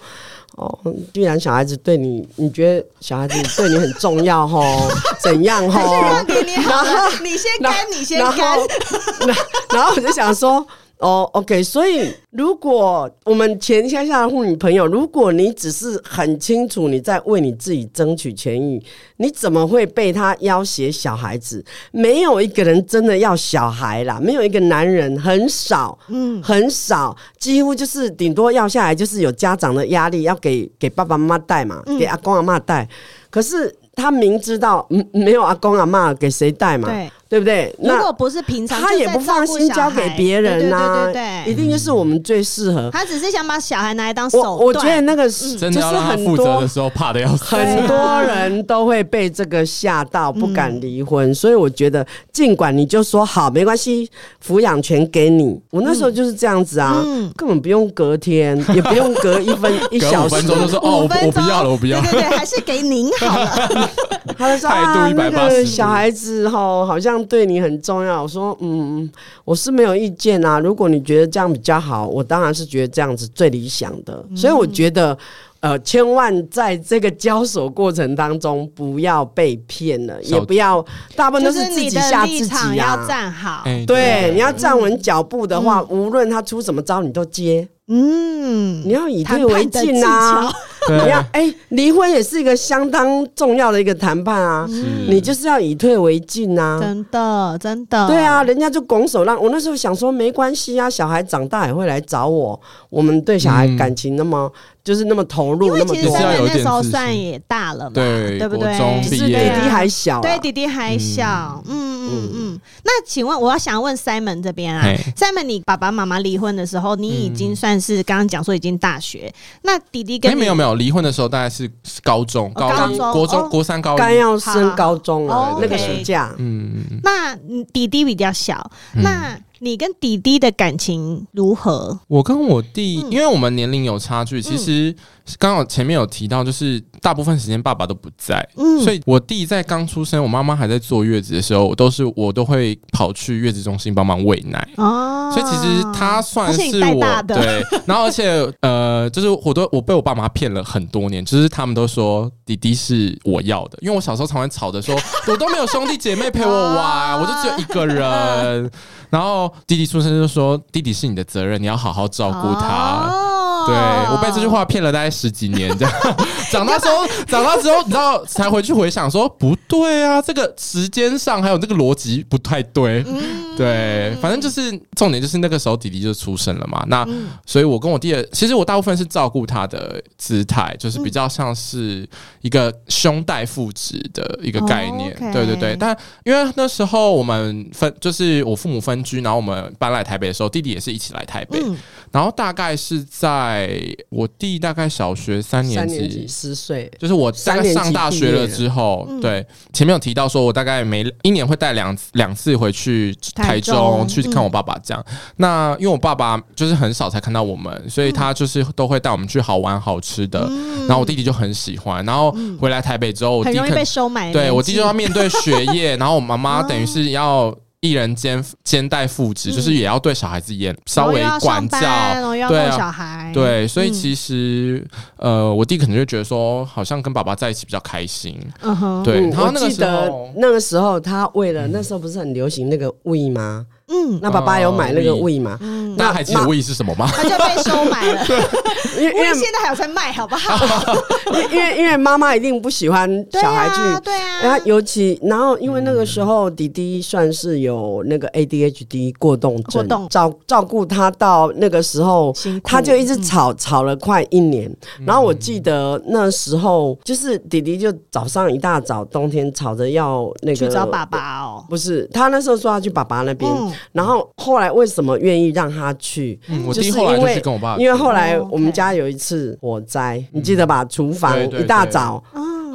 哦，既然小孩子對你，你覺得小孩子對你很重要哦， [LAUGHS] 怎樣哈？好然後，然後你先幹，後你先幹，然後我就想說。 [LAUGHS] [LAUGHS] 哦、oh，OK，所以如果我們全天下的婦女朋友，如果你只是很清楚你在為你自己爭取權益，你怎麼會被他要挾小孩子？沒有一個人真的要小孩啦，沒有一個男人，很少，嗯，很少，幾乎就是頂多要下來就是有家長的壓力，要給給爸爸媽媽帶嘛，給阿公阿嬤帶。嗯、可是他明知道，嗯、沒有阿公阿嬤給誰帶嘛，對不對？如果不是平常，他也不放心交給別人吶。對對對，一定就是我們最適合。他只是想把小孩拿來當手段。我覺得那個是，就是負責的時候怕的要死，很多人都會被這個嚇到，不敢離婚。所以我覺得，儘管你就說好，沒關係，撫養權給你。我那時候就是這樣子啊，嗯，根本不用隔天，也不用隔一分一小時，五分鐘就是哦，我不要了，我不要了。對對，還是給您好了。他的態度，那個小孩子哈，好像。對你很重要。我說，嗯，我是沒有意見啊。如果你覺得這樣比較好，我當然是覺得這樣子最理想的。嗯。所以我覺得。呃，千萬在這個交手過程當中不要被騙了，也不要，大部分都是自己嚇自己呀。你要站好，對，你要站穩腳步的話，無論他出什麼招，你都接。嗯，你要以退為進啊！你要，哎，離婚也是一個相當重要的一個談判啊，你就是要以退為進啊！真的，真的，對啊，人家就拱手讓。我那時候想說，沒關係啊，小孩長大也會來找我，我們對小孩感情那麼。就是那麼投入，那麼需要有點自信。因為其實 Simon 那時候算也大了嘛，對不對？只是弟弟還小。對，弟弟還小。嗯嗯嗯。那請問，我要想問 Simon 這邊啊，Simon，你爸爸媽媽離婚的時候，你已經算是剛剛講說已經大學？那弟弟跟沒有沒有離婚的時候大概是高中、高中、國中、國三、高一，剛要升高中了，那個暑假。嗯嗯嗯。那弟弟比較小，那。你跟弟弟的感情如何？我跟我弟，因為我們年齡有差距，嗯、其實。剛好前面有提到，就是大部分時間爸爸都不在，嗯、所以我弟在剛出生，我媽媽還在坐月子的時候，我都是我都會跑去月子中心幫忙餵奶，哦、啊，所以其實他算是我的對，然後而且 [LAUGHS] 呃，就是我都我被我爸媽騙了很多年，就是他們都說弟弟是我要的，因為我小時候常常，常吵着說，我都沒有兄弟姐妹陪我玩，啊、我就只有一個人，然後弟弟出生就說弟弟是你的責任，你要好好照顧他。啊對，我被這句話騙了大概十幾年，這樣 [LAUGHS] 長大嘛之後長大之後，你知道才回去回想說不對啊，這個時間上還有這個邏輯不太對。嗯、對，反正就是重點就是那個時候弟弟就出生了嘛，那、嗯、所以我跟我弟，弟其實我大部分是照顧他的姿態，就是比較像是一個兄代父職的一個概念。嗯、對對對，但因為那時候我們分就是我父母分居，然後我們搬來台北的時候，弟弟也是一起來台北，嗯、然後大概是在。哎，我弟大概小學三年級，十歲，就是我大概上大學了之後，對，前面有提到說我大概每一年會帶兩兩次回去台中去看我爸爸，這樣。那因為我爸爸就是很少才看到我們，所以他就是都會帶我們去好玩好吃的，然後我弟弟就很喜歡。然後回來台北之後，很容易被收買。對，我弟弟就要面對學業，然後我媽媽等於是要。一人兼兼帶父子，就是也要對小孩子也稍微管教，對、啊、對，所以其實，嗯、呃，我弟可能就覺得說，好像跟爸爸在一起比較開心。嗯哼，對。然後那個我記得那個時候，他為了、嗯、那時候不是很流行，那個 Wii、嗎？嗯，那爸爸有買那個 Wii 嗎？那還記得 Wii 是什麼嗎？他就被收買了，因為現在還有在賣，好不好？因為因為媽媽一定不喜歡小孩去，對啊，尤其然後因為那個時候弟弟算是有那個 ADHD 過動症，過動照照顧他到那個時候，他就一直吵吵了快一年。然後我記得那時候就是弟弟就早上一大早冬天吵着要那個去找爸爸哦，不是他那時候說要去爸爸那邊。然後後來為什麼願意讓他去？就是因為跟我爸，因為後來我們家有一次火災，你記得吧？廚房一大早。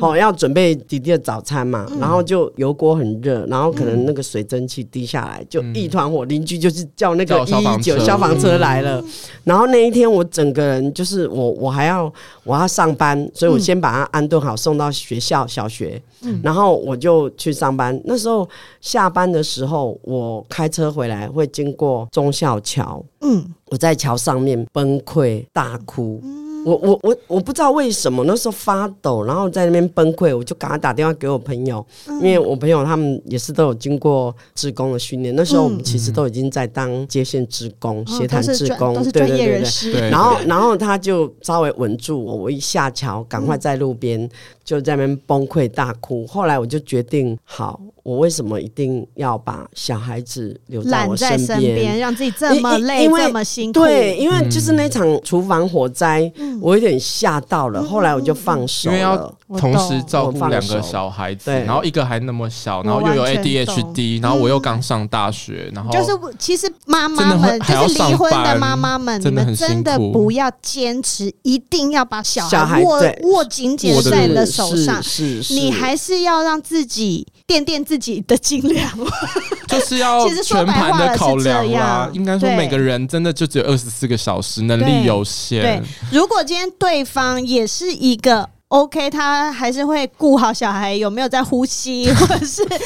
好、哦，要準備弟弟的早餐嘛，嗯、然後就油鍋很熱，然後可能那個水蒸氣滴下來，嗯、就一團火。鄰居就是叫那個一一九消防車來了。嗯、然後那一天我整個人就是我，我還要我要上班，所以我先把他安頓好，嗯、送到學校小學，嗯、然後我就去上班。那時候下班的時候，我開車回來會經過忠孝橋，嗯，我在橋上面崩潰大哭。嗯我我我我不知道為什麼那時候發抖，然後在那邊崩潰，我就趕快打電話給我朋友，嗯、因為我朋友他們也是都有經過志工的訓練，那時候我們其實都已經在當接線志工、協談志工，都是專業人士，對對對對。對然後然後他就稍微穩住我，我一下橋趕快在路邊、嗯、就在那邊崩潰大哭。後來我就決定好。我為什麼一定要把小孩子留在我身邊，讓自己這麼累、這麼辛苦？對，因為就是那場廚房火災，我有點嚇到了。後來我就放手，因為要同時照顧兩個小孩子，然後一個還那麼小，然後又有 ADHD，然後我又剛上大學，然後就是其實媽媽們，就是離婚的媽媽們，你們真的不要堅持，一定要把小孩握握緊緊在你的手上，你還是要讓自己。掂掂自己的斤兩，就是要全盤的考量啊。應該說每個人真的就只有二十四個小時，能力有限。對,對，如果今天對方也是一個 OK，他還是會顧好小孩有沒有在呼吸， [LAUGHS] 或者是對，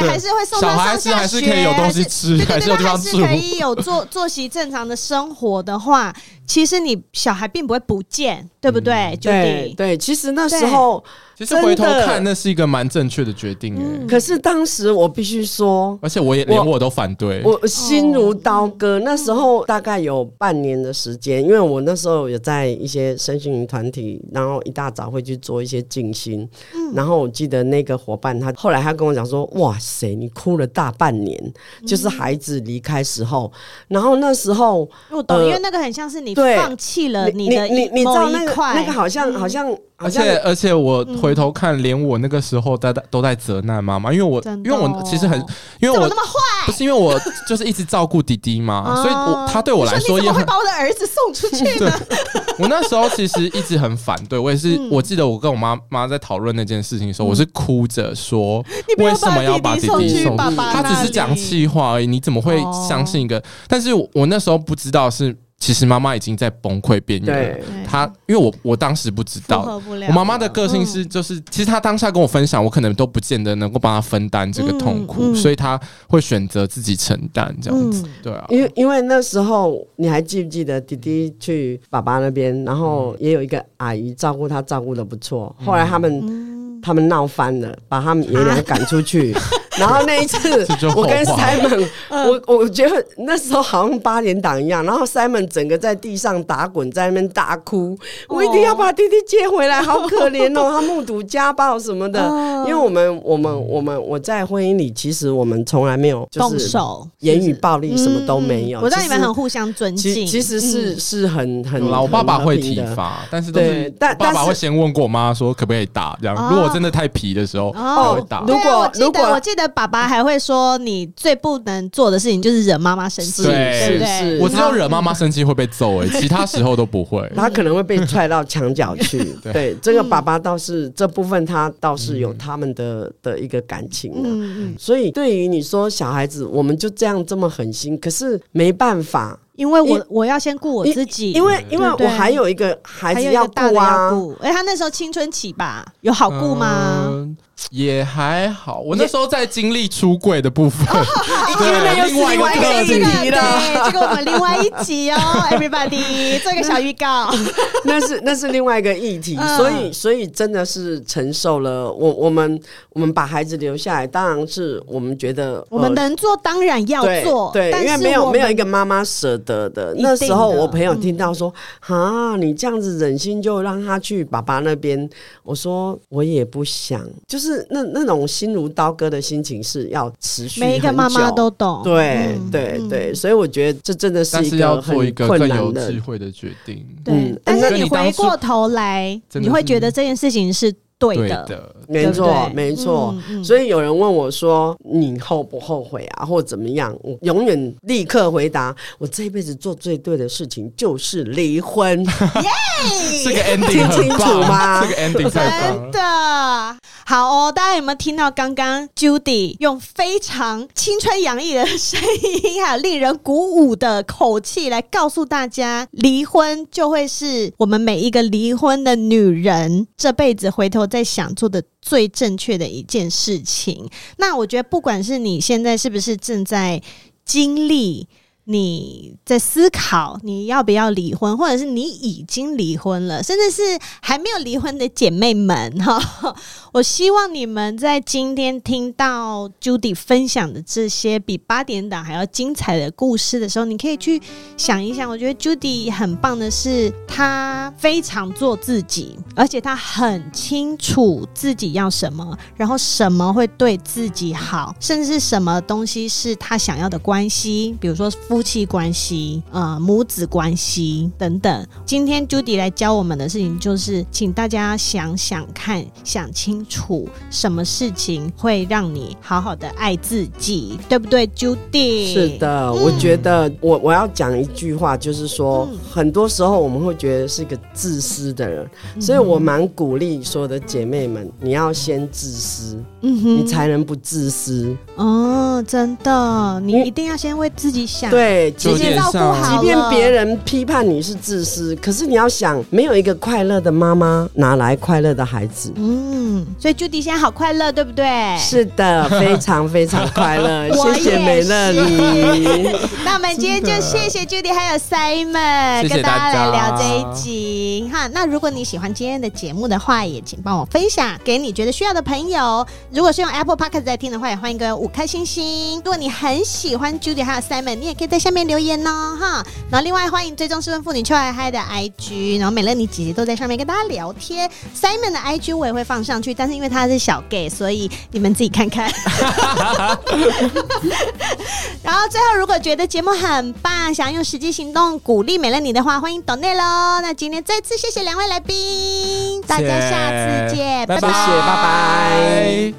還是會送,送,送,送下學對小孩子還是可以有東西吃，還是有地方吃，可以有作作息正常的生活的話。其實你小孩並不會不見，對不對？對對，其實那時候，其實回頭看，那是一個蠻正確的決定耶。可是當時我必須說，而且我也連我都反對，我心如刀割。那時候大概有半年的時間，因為我那時候有在一些身心靈團體，然後一大早會去做一些靜心。然後我記得那個夥伴，他後來他跟我講說：“哇塞，你哭了大半年，就是孩子離開時候。”然後那時候，我懂，因為那個很像是你。放棄了你的你你你那塊，那個好像好像，而且而且我回頭看，連我那個時候在在都在責難媽媽，因為我因為我其實很因為我那麼壞，不是因為我就是一直照顧弟弟嘛，所以我他對我來說也會把我的兒子送出去的。我那時候其實一直很反對，我也是我記得我跟我媽媽在討論那件事情的時候，我是哭着說為什麼要把弟弟送去？他只是講氣話而已。你怎麼會相信一個？但是我那時候不知道是。其實媽媽已經在崩潰邊緣了，對她，因為我我當時不知道，了了我媽媽的個性是就是，嗯、其實她當下跟我分享，我可能都不見得能夠幫她分擔這個痛苦，嗯嗯、所以她會選擇自己承擔這樣子，嗯、對啊。因為因為那時候你還記不記得弟弟去爸爸那邊，然後也有一個阿姨照顧他，照顧得不錯。後來他們、嗯、他們鬧翻了，把他們爺倆趕出去。啊 [LAUGHS] 然後那一次，我跟 Simon，我我覺得那時候好像八點檔一樣然後 Simon 整個在地上打滾，在那邊大哭，我一定要把弟弟接回來，好可憐哦，他目睹家暴什麼的。因為我們我們我們我在婚姻裡，其實我們從來沒有動手、言語暴力，什麼都沒有。我知道你們很互相尊敬，其實是是很很老爸爸會體罰，但是對但爸爸會先問過我媽說可不可以打這樣。如果真的太皮的時候，爸爸會打。如果如果我記得。爸爸還會說，你最不能做的事情就是惹媽媽生氣。是對對是，是，我知道惹媽媽生氣會被揍哎、欸， [LAUGHS] 其他時候都不會。他可能會被踹到牆角去。 [LAUGHS] 對，這個爸爸倒是這部分他倒是有他們的、嗯、的一個感情了、啊。嗯、所以對於你說小孩子，我們就這樣這麼狠心，可是沒辦法，因為我、欸、我要先顧我自己，欸、因為對對對因為我還有一個孩子要顧啊。哎，欸、他那時候青春期吧，有好顧嗎？嗯也還好，我那時候在經歷出櫃的部分，因為沒有另外一個議題了。這個我們另外一集哦，everybody 做一個小預告。那是那是另外一個議題，所以所以真的是承受了。我我們我們把孩子留下來，當然是我們覺得我們能做，當然要做。對，因為沒有沒有一個媽媽捨得的。那時候我朋友聽到說，啊，你這樣子忍心就讓他去爸爸那邊？我說我也不想，就是。是那那種心如刀割的心情是要持續，每一個媽媽都懂。對對對，所以我覺得這真的是一個很困難的，但是要做一個更有智慧的決定。嗯、對，但是你回過頭來，你，你會覺得這件事情是。對的，對的沒錯，對對沒錯。嗯、所以有人問我說：“你後不後悔啊，嗯、或怎麼樣？”我永遠立刻回答：“我這一輩子做最對的事情就是離婚。耶”這 [LAUGHS] 個 ending 聽清楚嗎？ [LAUGHS] 這個 ending 真的好哦！大家有沒有聽到剛剛 Judy 用非常青春洋溢的聲音啊，令人鼓舞的口氣來告訴大家，離婚就會是我們每一個離婚的女人這輩子回頭。在想做的最正確的一件事情。那我覺得，不管是你現在是不是正在經歷，你在思考你要不要離婚，或者是你已經離婚了，甚至是還沒有離婚的姐妹們，哈。我希望你們在今天聽到 Judy 分享的這些比八點檔還要精彩的故事的時候，你可以去想一想。我覺得 Judy 很棒的是，他非常做自己，而且他很清楚自己要什麼，然後什麼會對自己好，甚至什麼東西是他想要的關係，比如說夫妻關係、呃，母子關係等等。今天 Judy 來教我們的事情，就是請大家想想看，想清楚。處什麼事情會讓你好好的愛自己，對不對，Judy？是的，嗯、我覺得我我要講一句話，就是說，嗯、很多時候我們會覺得是一個自私的人，嗯、哼所以我蠻鼓勵所有的姐妹們，你要先自私，嗯哼，你才能不自私哦。真的，你一定要先為自己想，對，先照不好、哦。即便別人批判你是自私，可是你要想，沒有一個快樂的媽媽，哪來快樂的孩子？嗯。所以朱迪現在好快樂，對不對？是的，非常非常快樂。 [LAUGHS] 謝謝我也樂。 [LAUGHS] 那我們今天就謝謝朱迪還有 Simon 的跟大家來聊這一集謝謝哈。那如果你喜歡今天的節目的話，也請幫我分享給你覺得需要的朋友。如果是用 Apple Podcast 在聽的話，也歡迎各位五顆星星。如果你很喜歡朱迪還有 Simon，你也可以在下面留言哦哈。然後另外歡迎追蹤《十分婦女》秋愛嗨的 IG，然後美樂你姐姐都在上面跟大家聊天。Simon 的 IG 我也會放上去，但。但是因為他是小 gay，所以你們自己看看。 [LAUGHS] [LAUGHS] 然後最後，如果覺得節目很棒，想要用實際行動鼓勵美樂妮的話，歡迎斗內嘍。那今天再次謝謝兩位來賓，解 大家下次見，解 拜拜，拜拜。